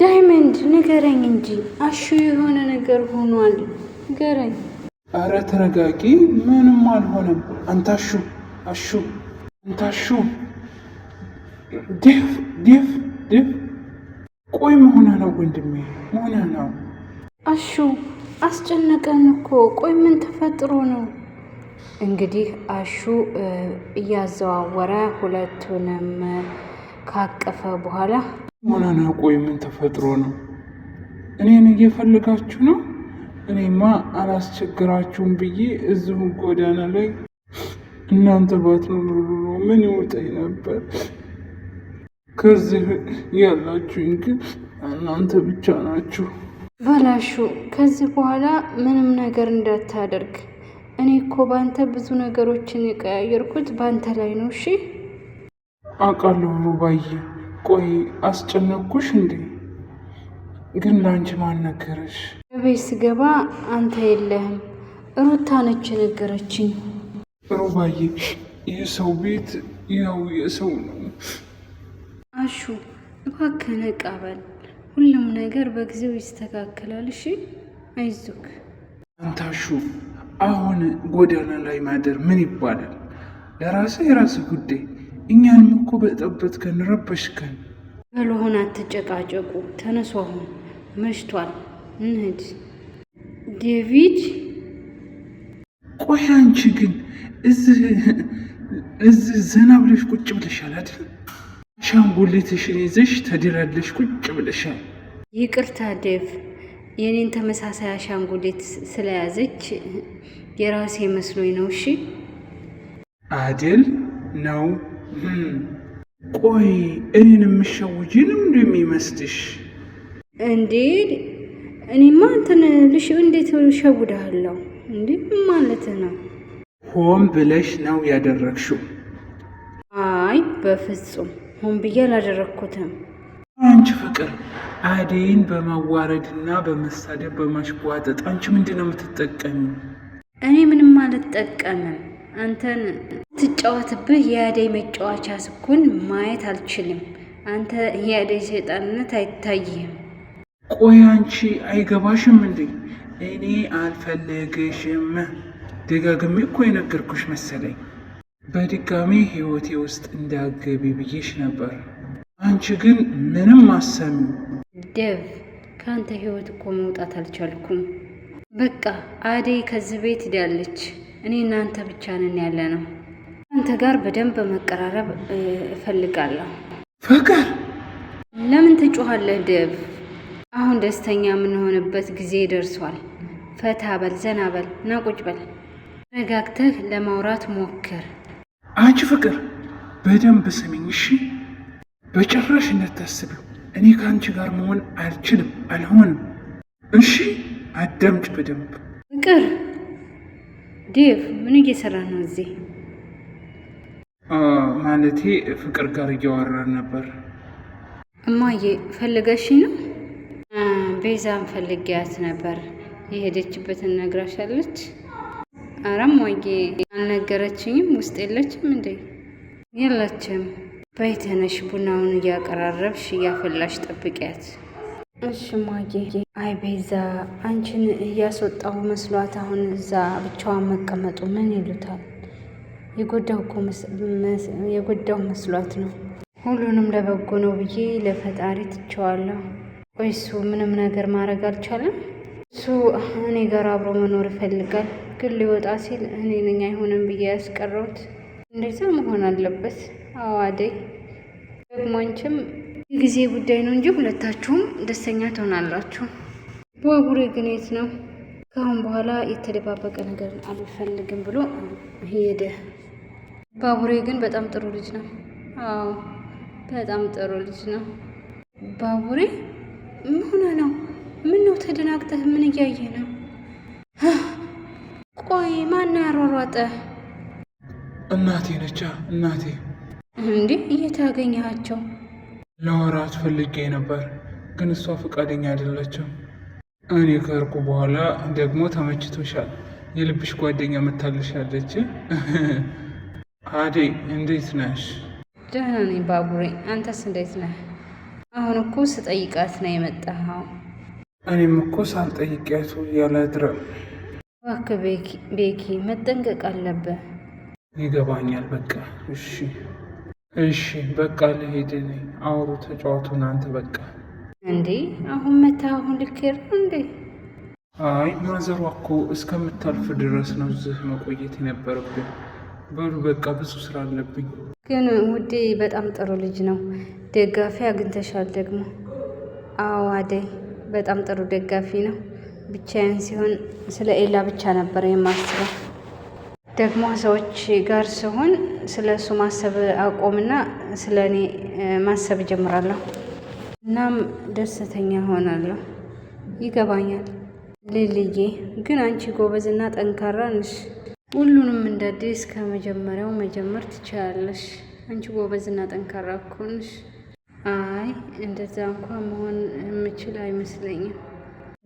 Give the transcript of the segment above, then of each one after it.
ዳይመንድ ንገረኝ እንጂ አሹ የሆነ ነገር ሆኗል፣ ንገረኝ። አረ ተረጋጊ፣ ምንም አልሆነም። አንታሹ አሹ አንታሹ ዴፍ ዴፍ ዴፍ ቆይ፣ መሆና ነው ወንድሜ፣ መሆና ነው አሹ። አስጨነቀን እኮ ቆይ፣ ምን ተፈጥሮ ነው? እንግዲህ አሹ እያዘዋወረ ሁለቱንም ካቀፈ በኋላ ሆነና፣ ቆይ ምን ተፈጥሮ ነው? እኔን እየፈለጋችሁ ነው? እኔማ አላስቸግራችሁም ብዬ እዚሁ ጎዳና ላይ እናንተ ባትኖሩ ምን ይወጣኝ ነበር? ከዚህ ያላችሁኝ ግን እናንተ ብቻ ናችሁ። በላሹ ከዚህ በኋላ ምንም ነገር እንዳታደርግ። እኔ እኮ ባንተ ብዙ ነገሮችን የቀያየርኩት ባንተ ላይ ነው። እሺ አውቃለሁ ሩባዬ። ቆይ አስጨነኩሽ እንዴ? ግን ለአንቺ ማን ነገረሽ? ቤት ስገባ አንተ የለህም፣ ሩታ ነች የነገረችኝ። ሩባዬ፣ የሰው ቤት ያው የሰው ነው። አሹ እባክህ ነቃ በል። ሁሉም ነገር በጊዜው ይስተካከላል። እሺ አይዞክ። አንተ አሹ፣ አሁን ጎዳና ላይ ማደር ምን ይባላል? ለራስህ የራስህ ጉዳይ እኛንም እኮ በጠበትከን ረበሽከን። በለሆን አትጨቃጨቁ፣ ተነሱ፣ አሁን መሽቷል፣ እንሂድ። ዴቪድ ቆይ፣ አንቺ ግን እዚህ ዘና ብለሽ ቁጭ ብለሻል አይደል? አሻንጉሊትሽን ይዘሽ ተደራለሽ ቁጭ ብለሻል። ይቅርታ ዴቭ፣ የኔን ተመሳሳይ አሻንጉሊት ስለያዘች የራሴ መስሎኝ ነው። እሺ አደል ነው ቆይ እኔን የምሸውጅን እንደሚመስልሽ? እንዴት እኔማ እንትን ልሽ እንዴት እሸውድሃለሁ? እንዴ ማለት ነው? ሆን ብለሽ ነው ያደረግሽው? አይ በፍጹም ሆን ብዬ አላደረግኩትም። አንቺ ፍቅር አደይን በማዋረድና በመሳደብ በማሽቋጠጥ አንቺ ምንድን ነው የምትጠቀሚው? እኔ ምንም አልጠቀምም። አንተን ስጫወትብህ የአደይ መጫወቻ ስኩን ማየት አልችልም። አንተ የአደይ ሰይጣንነት አይታይህም። ቆይ አንቺ አይገባሽም እንዴ? እኔ አልፈለግሽም። ደጋግሜ እኮ የነገርኩሽ መሰለኝ። በድጋሚ ህይወቴ ውስጥ እንዳገቢ ብዬሽ ነበር። አንቺ ግን ምንም አሰሚ። ደብ ከአንተ ህይወት እኮ መውጣት አልቻልኩም። በቃ አደይ ከዚህ ቤት ሄዳለች። እኔ እናንተ ብቻ ነን ያለ ነው አንተ ጋር በደንብ መቀራረብ እፈልጋለሁ። ፍቅር ለምን ትጮኋለህ? ደብ አሁን ደስተኛ የምንሆንበት ጊዜ ደርሷል። ፈታ በል፣ ዘና በል፣ ና ቁጭ በል፣ ረጋግተህ ለማውራት ሞክር። አንቺ ፍቅር በደንብ ስሚኝ እሺ። በጭራሽ እንዳታስቢው እኔ ከአንቺ ጋር መሆን አልችልም፣ አልሆንም። እሺ አዳምጭ በደንብ ፍቅር። ዴቭ ምን እየሰራ ነው እዚህ? ማለቴ ፍቅር ጋር እያወራን ነበር። እማዬ ፈልገሽ ነው? ቤዛን ፈልጊያት ነበር። የሄደችበትን ነግራሻለች? አረ እማዬ አልነገረችኝም። ውስጥ የለችም እንዴ? የለችም። በይ ተነሽ፣ ቡናውን እያቀራረብሽ እያፈላሽ ጠብቂያት። እሺ እማዬ። አይ ቤዛ አንቺን እያስወጣሁ መስሏት አሁን እዛ ብቻዋን መቀመጡ ምን ይሉታል? የጎዳው መስሏት ነው። ሁሉንም ለበጎ ነው ብዬ ለፈጣሪ ትቸዋለሁ። ቆይ እሱ ምንም ነገር ማድረግ አልቻለም። እሱ እኔ ጋር አብሮ መኖር ይፈልጋል፣ ግን ሊወጣ ሲል እኔ ነኝ አይሆንም ብዬ ያስቀረውት። እንደዛ መሆን አለበት። አዎ አደይ፣ ደግሞ አንቺም የጊዜ ጉዳይ ነው እንጂ ሁለታችሁም ደስተኛ ትሆናላችሁ። ባቡሬ ግን የት ነው? ከአሁን በኋላ የተደባበቀ ነገር አልፈልግም ብሎ ሄደ። ባቡሬ ግን በጣም ጥሩ ልጅ ነው። አዎ በጣም ጥሩ ልጅ ነው። ባቡሬ ምን ነው? ምን ነው ተደናግጠህ? ምን እያየ ነው? ቆይ ማና ያሯሯጠ? እናቴ ነቻ። እናቴ እንዴ! እየታገኘሃቸው ለወራት ፈልጌ ነበር፣ ግን እሷ ፈቃደኛ አይደለችም። እኔ ከርኩ በኋላ ደግሞ ተመችቶሻል፣ የልብሽ ጓደኛ መታለሻለች አዴ እንዴት ነሽ? ደህና ነኝ ባቡሬ፣ አንተስ እንዴት ነህ? አሁን እኮ ስጠይቃት ነው የመጣኸው። እኔም እኮ ሳልጠይቅያቱ እያላድረም። እባክህ ቤኪ መጠንቀቅ አለብህ። ይገባኛል። በቃ እሺ፣ እሺ፣ በቃ ለሄድ አውሩ፣ ተጫዋቱ እናንተ በቃ። እንዴ አሁን መታ፣ አሁን ልኬር እንዴ? አይ ማዘሯ እኮ እስከምታልፍ ድረስ ነው እዚህ መቆየት የነበረብን። በሉ በቃ ብዙ ስራ አለብኝ። ግን ውዴ በጣም ጥሩ ልጅ ነው። ደጋፊ አግኝተሻል ደግሞ? አዎ አደይ በጣም ጥሩ ደጋፊ ነው። ብቻዬን ሲሆን ስለ ኤላ ብቻ ነበር የማስበው። ደግሞ ሰዎች ጋር ሲሆን ስለ እሱ ማሰብ አቆምና ስለ እኔ ማሰብ ጀምራለሁ እናም ደስተኛ ሆናለሁ። ይገባኛል ልልዬ፣ ግን አንቺ ጎበዝና ጠንካራ ነሽ። ሁሉንም እንደ አዲስ ከመጀመሪያው መጀመር ትችላለሽ። አንቺ ጎበዝና ጠንካራ እኮ ነሽ። አይ እንደዛ እንኳ መሆን የምችል አይመስለኝም።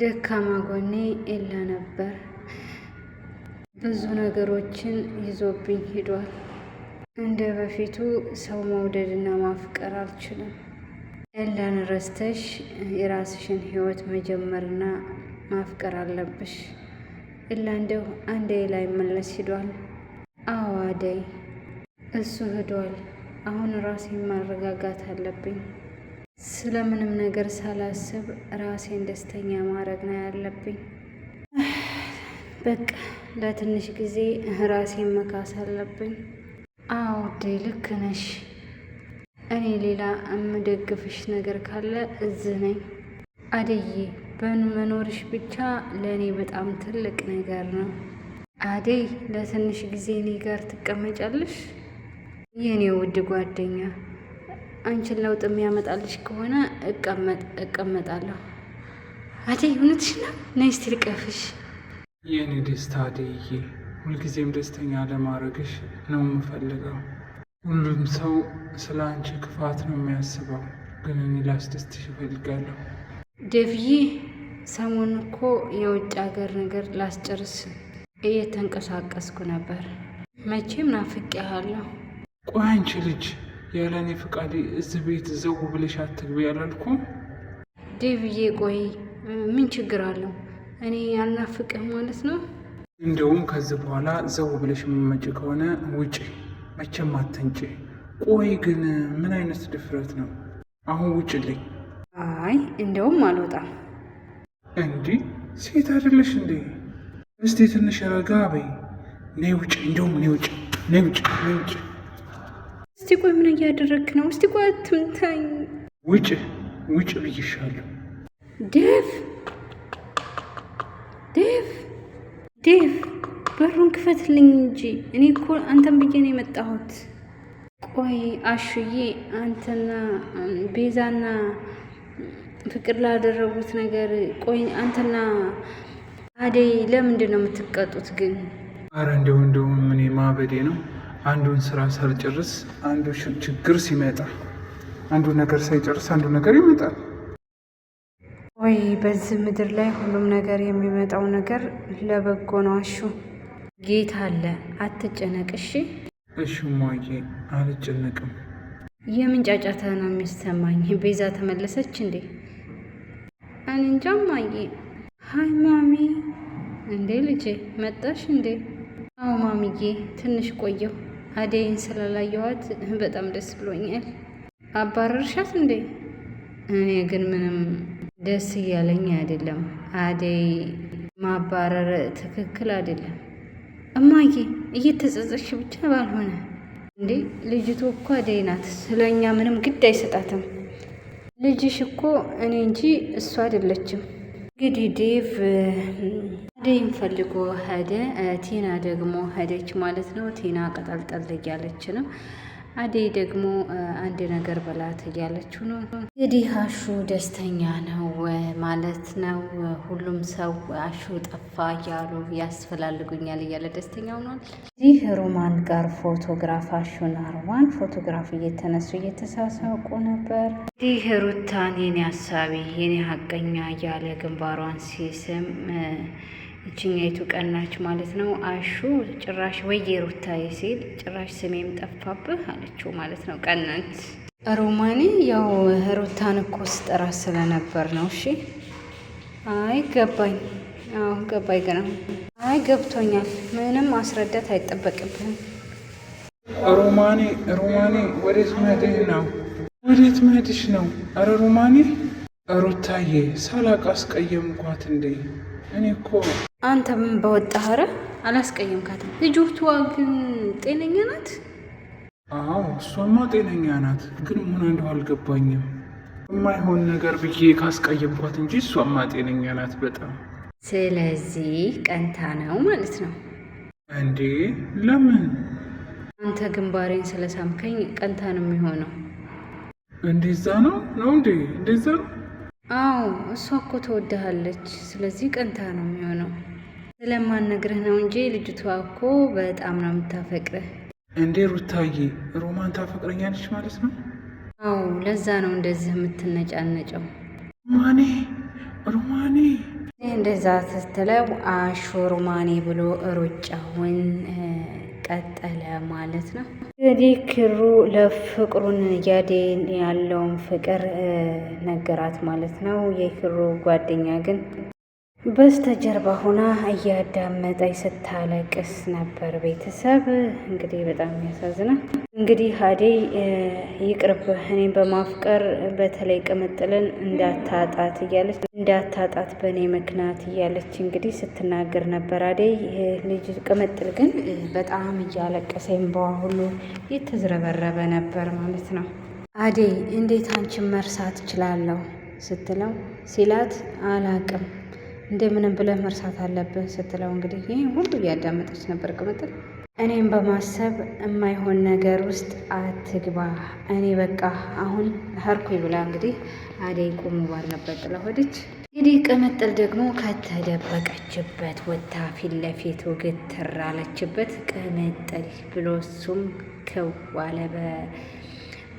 ደካማ ጎኔ ኤላ ነበር። ብዙ ነገሮችን ይዞብኝ ሂዷል። እንደ በፊቱ ሰው መውደድና ማፍቀር አልችልም። ኤላን ረስተሽ የራስሽን ህይወት መጀመርና ማፍቀር አለብሽ። እላንደው አንዴ ላይ መለስ ሂዷል። አዎ አደይ እሱ ሂዷል። አሁን ራሴን ማረጋጋት አለብኝ። ስለምንም ነገር ሳላስብ ራሴን ደስተኛ ማድረግ ነው ያለብኝ። በቃ ለትንሽ ጊዜ ራሴን መካስ አለብኝ። አዎ አደይ ልክ ነሽ። እኔ ሌላ የምደግፍሽ ነገር ካለ እዚህ ነኝ አደዬ! በመኖርሽ ብቻ ለእኔ በጣም ትልቅ ነገር ነው። አደይ ለትንሽ ጊዜ እኔ ጋር ትቀመጫለሽ? የእኔ ውድ ጓደኛ አንቺን ለውጥ የሚያመጣልሽ ከሆነ እቀመጣለሁ። አደይ እውነትሽ ነው። ነይ እስቲ ልቀፍሽ። የእኔ ደስታ አደይዬ፣ ሁልጊዜም ደስተኛ ለማድረግሽ ነው የምፈልገው። ሁሉም ሰው ስለ አንቺ ክፋት ነው የሚያስበው፣ ግን እኔ ላስደስትሽ እፈልጋለሁ። ዴቭዬ ሰሞኑ እኮ የውጭ ሀገር ነገር ላስጨርስ እየተንቀሳቀስኩ ነበር። መቼም ናፍቄሃለሁ። ቆይ አንቺ ልጅ ያለ ፍቃድ ፈቃዴ እዚህ ቤት ዘው ብለሽ አትግቢ ያላልኩ? ዴቭዬ ቆይ ምን ችግር አለው? እኔ ያልናፍቅህ ማለት ነው? እንደውም ከዚህ በኋላ ዘው ብለሽ የምመጭ ከሆነ ውጪ፣ መቼም አትንጪ። ቆይ ግን ምን አይነት ድፍረት ነው? አሁን ውጭልኝ አይ እንደውም አልወጣም። እንዲህ ሴት አይደለሽ እንዴ? እስቲ ትንሽ ረጋ በይ። ነይ ውጭ፣ እንደውም ነይ ውጭ፣ ነይ ውጭ፣ ነይ ውጭ። እስቲ ቆይ፣ ምን እያደረግክ ነው? እስቲ ቆይ፣ አትምታኝ። ውጭ፣ ውጭ ውጭ ብይሻሉ ዴቭ፣ ዴቭ፣ ዴቭ፣ በሩን ክፈትልኝ እንጂ እኔ እኮ አንተን ብዬ ነው የመጣሁት። ቆይ አሹዬ፣ አንተና ቤዛና ፍቅር ላደረጉት ነገር ቆይ አንተና አደይ ለምንድን ነው የምትቀጡት ግን? አረ እንደው እንደው ምን ማበዴ ነው አንዱን ስራ ሳልጨርስ አንዱ ችግር ሲመጣ አንዱ ነገር ሳይጨርስ አንዱ ነገር ይመጣል። ወይ በዚህ ምድር ላይ ሁሉም ነገር የሚመጣው ነገር ለበጎ ነው። አሹ ጌታ አለ፣ አትጨነቅ እሺ። እሺ እማዬ አልጨነቅም። የምን ጫጫታ ነው የሚሰማኝ? ቤዛ ተመለሰች እንዴ? እኔ እንጃ ሀይ ማሚ። እንዴ ልጄ መጣሽ እንዴ? አዎ ማሚዬ፣ ትንሽ ቆየሁ። አደይን ስላላየኋት በጣም ደስ ብሎኛል። አባረርሻት እንዴ? እኔ ግን ምንም ደስ እያለኝ አይደለም። አደይ ማባረር ትክክል አይደለም እማዬ። እየተጸጸሽ ብቻ ባልሆነ እንዴ ልጅቱ እኮ አደይ ናት። ስለ እኛ ምንም ግድ አይሰጣትም። ልጅሽ እኮ እኔ እንጂ እሱ አይደለችም። እንግዲህ ዴቭ አደይም ፈልጎ ሄደ። ቲና ደግሞ ሄደች ማለት ነው። ቲና ቀጠልጠል እያለች ነው አደይ ደግሞ አንድ ነገር በላት እያለችው ነው እንግዲህ። አሹ ደስተኛ ነው ማለት ነው። ሁሉም ሰው አሹ ጠፋ እያሉ ያስፈላልጉኛል እያለ ደስተኛ ሆኗል። እዚህ ሮማን ጋር ፎቶግራፍ አሹን አርዋን ፎቶግራፍ እየተነሱ እየተሳሳቁ ነበር። ይህ ሩታን የኔ ሀሳቢ የኔ ሀቀኛ እያለ ግንባሯን ሲስም እችኛይቱ ቀናች ማለት ነው። አሹ ጭራሽ ወይ ሩታዬ ሲል ጭራሽ ስሜም ጠፋብህ አለችው ማለት ነው። ቀናት ሮማኒ ያው ሩታን እኮ ስጠራ ስለነበር ነው። እሺ አይ ገባኝ፣ አዎ ገባኝ፣ ገና አይ ገብቶኛል። ምንም ማስረዳት አይጠበቅብህም። ሮማኒ ሮማኒ፣ ወዴት መድህ ነው? ወዴት መድሽ ነው? አረ ሮማኒ ሩታዬ ሳላቅ አስቀየምኳት እንዴ? አንተም በወጣ ኧረ አላስቀየምካትም። ልጆቿ ግን ጤነኛ ናት? አዎ እሷማ ጤነኛ ናት። ግን ምን እንደው አልገባኝም። የማይሆን ነገር ብዬ ካስቀየምኳት እንጂ እሷማ ጤነኛ ናት በጣም። ስለዚህ ቀንታ ነው ማለት ነው እንዴ? ለምን? አንተ ግንባሬን ስለሳምከኝ ቀንታ ነው የሚሆነው። እንደዛ ነው ነው እንዴ? እንደዛ ነው አዎ እሷ እኮ ትወድሃለች። ስለዚህ ቀንታ ነው የሚሆነው። ስለማነግርህ ነው እንጂ ልጅቷ እኮ በጣም ነው የምታፈቅርህ። እንዴ ሩታዬ፣ ሮማን ታፈቅረኛለች ማለት ነው? አዎ ለዛ ነው እንደዚህ የምትነጫነጨው። ማኔ ሮማኔ እንደዛ ስትለው አሹ ሮማኔ ብሎ ሩጫውን ቀጠለ ማለት ነው። እንግዲህ ክሩ ለፍቅሩን ያዴን ያለውን ፍቅር ነገራት ማለት ነው። የክሩ ጓደኛ ግን በስተጀርባ ሆና እያዳመጠኝ ስታለቅስ ነበር። ቤተሰብ እንግዲህ በጣም ያሳዝናል። እንግዲህ አደይ ይቅርብ፣ እኔን በማፍቀር በተለይ ቅምጥልን እንዳታጣት እያለች እንዳታጣት በእኔ ምክንያት እያለች እንግዲህ ስትናገር ነበር። አደይ ልጅ ቅምጥል ግን በጣም እያለቀሰ እንባዋ ሁሉ የተዝረበረበ ነበር ማለት ነው። አደይ እንዴት አንቺን መርሳት እችላለሁ ስትለው ሲላት አላቅም እንደምንም ብለህ መርሳት አለብህ ስትለው እንግዲህ ይህ ሁሉ እያዳመጠች ነበር ቅምጥል። እኔም በማሰብ የማይሆን ነገር ውስጥ አትግባ፣ እኔ በቃ አሁን ሀርኩኝ ብላ እንግዲህ አደይ ቁሙ ባልነበር ጥለወደች። እንግዲህ ቅምጥል ደግሞ ከተደበቀችበት ወታ ፊት ለፊት ውግት ትራለችበት ቅምጥል ብሎ እሱም ክዋለ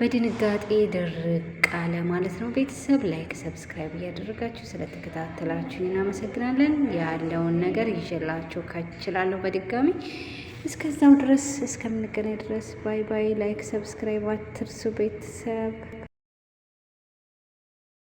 በድንጋጤ ድርቅ አለ ማለት ነው። ቤተሰብ ላይክ፣ ሰብስክራይብ እያደረጋችሁ ስለተከታተላችሁ እናመሰግናለን። ያለውን ነገር ይዤላችሁ ከችላለሁ በድጋሚ እስከዛው ድረስ እስከምንገናኝ ድረስ ባይ ባይ። ላይክ፣ ሰብስክራይብ አትርሱ ቤተሰብ።